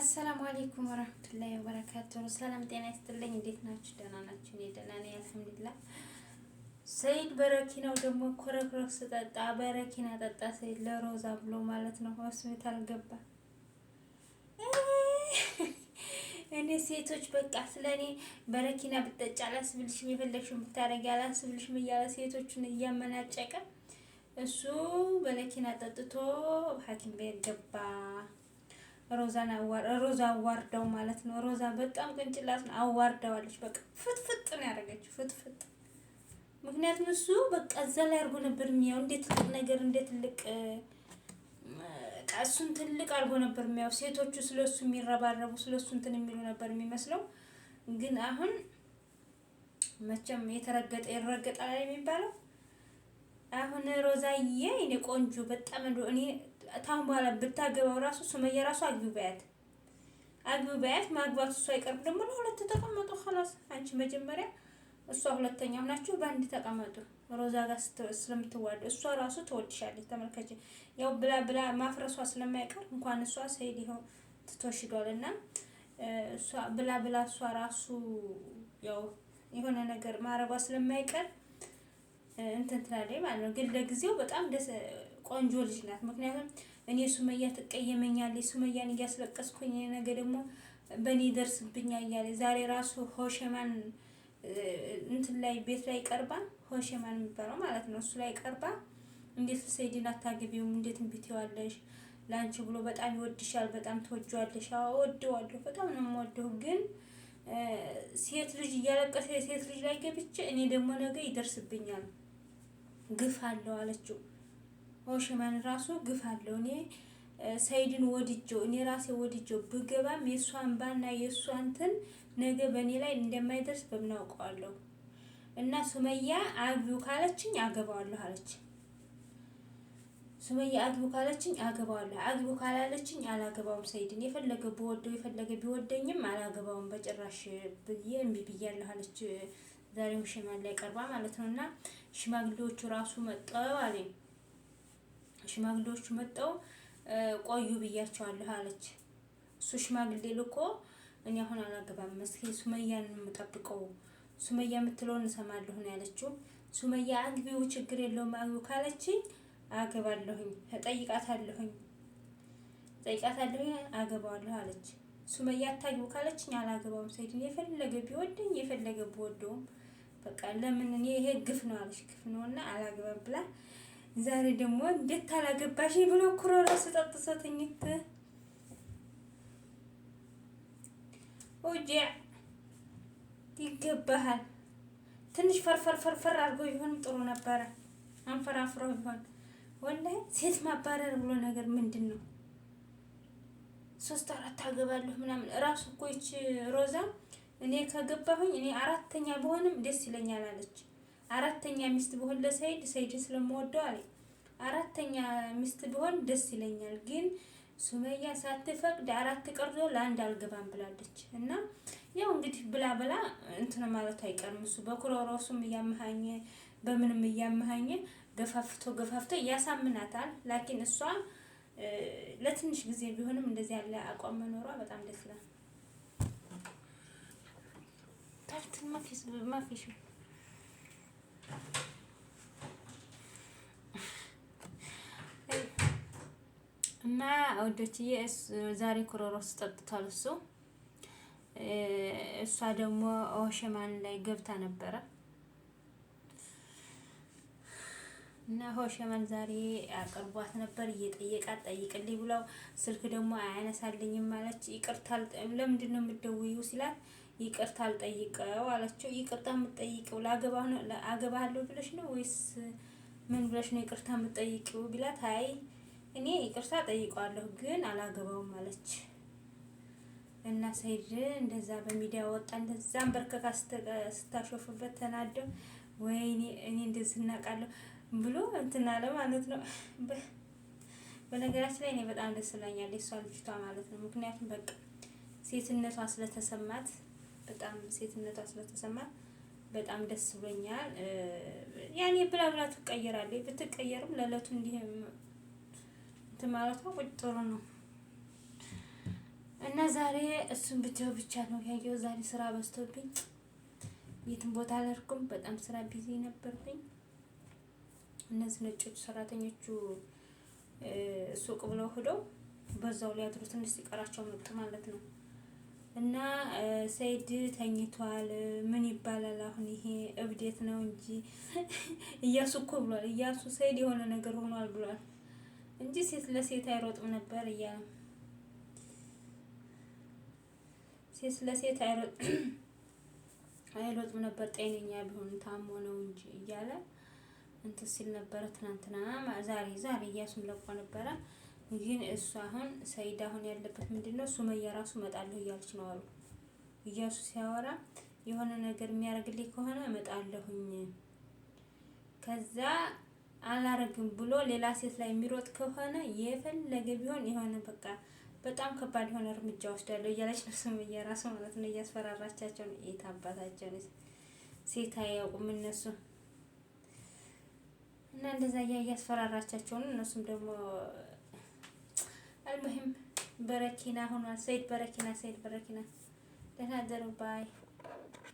አሰላሙ አሌይኩም ወረህመቱላሂ ወበረካቱህ። ሰላም ጤና ይስጥልኝ። እንዴት ናችሁ? ደህና ናችሁ? እኔ ደህና ነኝ አልሐምዱሊላህ። ሰይድ በረኪናው ደግሞ ኮረክረክ ስጠጣ በረኪና ጠጣ ሰይድ ለሮዛ ብሎ ማለት ነው። ሆስፒታል ገባ። እኔ ሴቶች በቃ ስለ እኔ በረኪና ብጠጪ አላስብልሽም፣ የፈለግሽውን ብታደርጊ አላስብልሽም እያለ ሴቶቹን እያመናጨቀ እሱ በረኪና ጠጥቶ ሐኪም ቤት ገባ። ሮዛን አዋር ሮዛ አዋርዳው ማለት ነው። ሮዛ በጣም ቅንጭላት ነው፣ አዋርዳዋለች። በቃ ፍጥፍጥ ነው ያደረገችው፣ ፍጥፍጥ። ምክንያቱም እሱ በቃ እዛ ላይ አድርጎ ነበር የሚያው እንዴት ትልቅ ነገር እንዴት ትልቅ እሱን ትልቅ አድርጎ ነበር የሚያው። ሴቶቹ ስለሱ የሚረባረቡ ስለሱ እንትን የሚሉ ነበር የሚመስለው። ግን አሁን መቼም የተረገጠ ይረገጣል የሚባለው አሁን ሮዛዬ እኔ ቆንጆ በጣም እኔ ታሁን በኋላ ብታገባው ራሱ ሱመያ ራሱ አግቢው በያት አግቢው በያት። ማግባት እሱ አይቀርም ደግሞ ለሁለት ተቀመጡ። ኸላስ አንቺ መጀመሪያ እሷ ሁለተኛው ናችሁ፣ በአንድ ተቀመጡ። ሮዛ ጋር ስለምትዋደ እሷ ራሱ ትወድሻለች። ተመልከች፣ ያው ብላ ብላ ማፍረሷ ስለማይቀር እንኳን እሷ ሰይድ ይኸው ትቶሽዷል። እና እሷ ብላ ብላ እሷ ራሱ ያው የሆነ ነገር ማረጓ ስለማይቀር እንትን ትላለች ማለት ነው። ግን ለጊዜው በጣም ደስ ቆንጆ ልጅ ናት። ምክንያቱም እኔ ሱመያ ትቀየመኛለች፣ ሱመያን እያስለቀስኩኝ ነገ ደግሞ በእኔ ደርስብኛ እያለ ዛሬ ራሱ ሆሸማን እንትን ላይ ቤት ላይ ቀርባ ሆሸማን የሚባለው ማለት ነው እሱ ላይ ቀርባ እንዴት ሰይድን አታገቢውም? እንዴት እምቢ ትይዋለሽ? ለአንቺ ብሎ በጣም ይወድሻል፣ በጣም ትወጂዋለሽ። እወደዋለሁ፣ በጣም ነው የምወደው ግን ሴት ልጅ እያለቀሰ ሴት ልጅ ላይ ገብቼ እኔ ደግሞ ነገ ይደርስብኛል ግፍ አለው አለችው። ሆሽማን ራሱ ግፍ አለው። እኔ ሰይድን ወድጀው እኔ ራሴ ወድጀው ብገባም የእሷ ባና የእሷ እንትን ነገ በእኔ ላይ እንደማይደርስ በምን አውቀዋለሁ? እና ሱመያ አግቢው ካለችኝ አገባዋለሁ አለች። ሱመያ አግቢው ካለችኝ አገባዋለሁ፣ አግቢው ካላለችኝ አላገባውም። ሰይድን የፈለገ ብወደው የፈለገ ቢወደኝም አላገባውም በጭራሽ ብዬ እምቢ ብያለሁ አለች። ዛሬም ሽማግሌ ላይ ቀርባ ማለት ነው። እና ሽማግሌዎቹ ራሱ መጠው አለኝ ሽማግሌዎቹ መጠው ቆዩ ብያቸዋለሁ አለች። እሱ ሽማግሌ ልኮ እኔ አሁን አላገባም መስኪ ሱመያን የምጠብቀው ሱመያ የምትለውን እሰማለሁ ነው ያለችው። ሱመያ አግቢው፣ ችግር የለውም አግቢው ካለችኝ አገባለሁኝ፣ እጠይቃታለሁኝ፣ እጠይቃታለሁኝ፣ አገባዋለሁ አለች። ሱመያ አታግቢው ካለችኝ አላገባውም። ሰይድን የፈለገ ቢወደኝ የፈለገ ብወደውም በቃ ለምን እኔ ይሄ ግፍ ነው አለች። ግፍ ነውና አላገባም ብላ ዛሬ ደግሞ እንዴት ታላገባሽ ብሎ ኩሮራ ስጠጥሶት እኝት ይገባሃል። ትንሽ ፈርፈርፈርፈር አድርጎ ይሆን ጥሩ ነበረ። አንፈራፍሮ ይሆን ወላሂ። ሴት ማባረር ብሎ ነገር ምንድን ነው? ሶስት አራት አገባለሁ ምናምን እራሱ እኮ ይች ሮዛ እኔ ከገባሁኝ እኔ አራተኛ በሆንም ደስ ይለኛል አለች። አራተኛ ሚስት ብሆን ለሰይድ ሰይድ ስለምወደው አለ አራተኛ ሚስት ብሆን ደስ ይለኛል፣ ግን ሱመያ ሳትፈቅድ አራት ቀርዞ ለአንድ አልገባም ብላለች። እና ያው እንግዲህ ብላ ብላ እንትን ማለት አይቀርም። እሱ በኩሮሮሱም እያመሃኘ በምንም እያመሃኘ ገፋፍቶ ገፋፍቶ ያሳምናታል። ላኪን እሷ ለትንሽ ጊዜ ቢሆንም እንደዚህ ያለ አቋም መኖሯ በጣም ደስ ይላል። እና ወዶችዬ ዛሬ ኮረሮስ ጠጥቷል እሱ። እሷ ደግሞ ሆሸማን ላይ ገብታ ነበረ እና ሆሸማን ዛሬ አቅርቧት ነበር እየጠየቃት ጠይቅልኝ ብለው ስልክ ደግሞ አያነሳልኝም ማለች። ይቅርታል ለምንድን ነው የምትደውዪው ሲላት ይቅርታ አልጠይቀው አለችው። ይቅርታ የምጠይቀው አገባለሁ ብለሽ ነው ወይስ ምን ብለሽ ነው ይቅርታ የምጠይቀው ቢላት፣ አይ እኔ ይቅርታ ጠይቀዋለሁ ግን አላገባውም አለች። እና ሰይድ እንደዛ በሚዲያ ወጣ። እንደዛም በርከካ ስታሾፍበት ተናደው ወይ እኔ እንደዚህ እናውቃለሁ ብሎ እንትን አለ ማለት ነው። በነገራችን ላይ እኔ በጣም ደስ ብላኛል የሷ ልጅቷ ማለት ነው። ምክንያቱም በቃ ሴትነቷ ስለተሰማት በጣም ሴትነቷ ስለተሰማ በጣም ደስ ብሎኛል። ያኔ ብላ ብላ ትቀየራለች። ብትቀየርም ለእለቱ እንዲህ እንትን ማለቷ ቁጭ ጥሩ ነው እና ዛሬ እሱን ብቻው ብቻ ነው ያየው። ዛሬ ስራ በዝቶብኝ የትም ቦታ አልሄድኩም። በጣም ስራ ቢዚ ነበርኩኝ። እነዚህ ነጮቹ ሰራተኞቹ ሱቅ ብለው ሂደው በዛው ላይ አድሮ ትንሽ ሲቀራቸው መጡ ማለት ነው። እና ሰይድ ተኝቷል። ምን ይባላል አሁን? ይሄ እብዴት ነው እንጂ እያሱ እኮ ብሏል። እያሱ ሰይድ የሆነ ነገር ሆኗል ብሏል እንጂ ሴት ለሴት አይሮጥም ነበር እያለ ሴት ለሴት አይሮጥም ነበር ጤነኛ ቢሆን ታሞ ነው እንጂ እያለ እንትን ሲል ነበረ ትናንትና። ዛሬ ዛሬ እያሱን ለቆ ነበረ። ግን እሱ አሁን ሰይድ አሁን ያለበት ምንድን ነው? ሱመያ ራሱ እመጣለሁ እያለች ነው አሉ እያሱ ሲያወራ የሆነ ነገር የሚያደርግልኝ ከሆነ እመጣለሁኝ ከዛ አላረግም ብሎ ሌላ ሴት ላይ የሚሮጥ ከሆነ የፈለገ ቢሆን የሆነ በቃ በጣም ከባድ የሆነ እርምጃ ወስዳለሁ እያለች ነው ሱመያ ራሱ ማለት ነው። እያስፈራራቻቸው ነው። የት አባታቸው ሴት አያውቁም እነሱ እና እንደዛ እያ እያስፈራራቻቸውን እነሱም ደግሞ አልሙሂም በረኪና ሆኗል። ሰይድ በረኪና ሰይድ በረኪና ደህና ደሩ ባይ